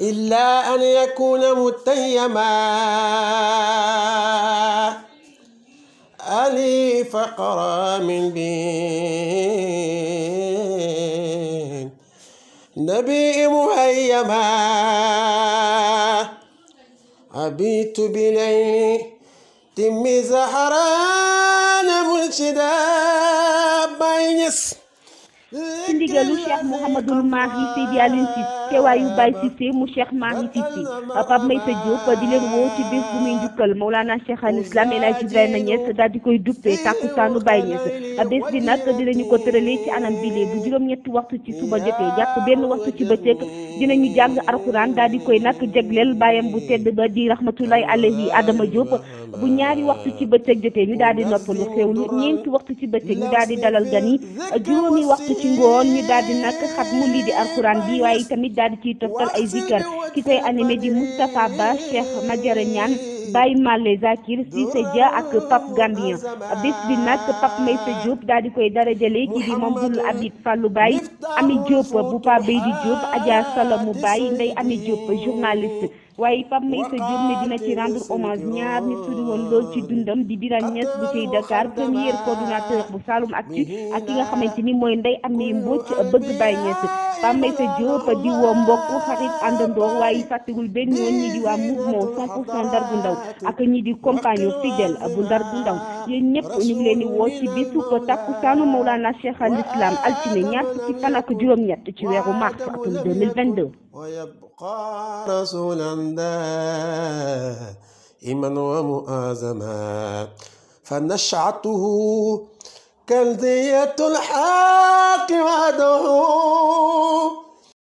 إلا أن يكون متيما ألي فقرا من بين نبي مهيما أبيت بليل تم زهران مرشدا باينس ndigalu cheikh شيخ محمد seydi alin cisse teewaayu ah, Baye Cissé mu Cheikh Mahi Cissé Pape Maysa Diop di leen woo ci bés bu muy njukkal Mawlana Cheikh al Islam El Hadj Ibrahima Niass daal di koy duppee takkusaanu Baye Niass ah, bés bi nag dinañu ko tëralee ci anam bi bu juróom-ñetti waxtu ci suba jotee jàpp benn waxtu ci bëccëg dinañu jàng arxuraan daal di koy nag jagleel baayam bu tedd ba di rahmatulahi alayhi Adama Diop bu ñaari waxtu ci bëccëg jotee ñu daal di noppalu xewlu ñeenti waxtu ci bëccëg ñu di dalal gan yi juróomi waxtu ci ngoon ñu daal di nag xat mu lii di arxuraan bi waaye tamit daal di ciy toftal ay zikkar ki koy animé di Moustapha Ba Cheikh Madiara Niane Baye Male Zakir Cissé Dia ak Pape Gambien bés bi nag Pape Maysa Diop daal di koy darajale kii di Mamadou Abid Fallou Baye Ami Diop bu Pape Beydi Diop Adja Salamou Baye Ndeye Ami Diop journaliste waaye Pape Meissa Diop ne dina ci rendre hommage ñaar ñu sori woon lool ci dundam di Birane Niass bu ci Dakar premier coordonnateur bu Saloum Actu ak ki nga xamante ni mooy Ndeye Amy Mbodj bëgg Baye Niass Pape Meissa Diop di woo mbokk xarit àndandoo waaye fàttewul benn yoon ñi di waa mouvement 100 pour Ndar bu ndaw ak ñi di compagnon fidèle bu Ndar bu ndaw yéen ñëpp ñu ngi leen di woo ci bisu ko takkusaanu Mawlana Cheikh al Islam altine ñaar fukki fan ak juróom-ñett ci weeru mars atum 2022 ويبقى رسولا دائما ومؤازما فنشعته كالدية الحال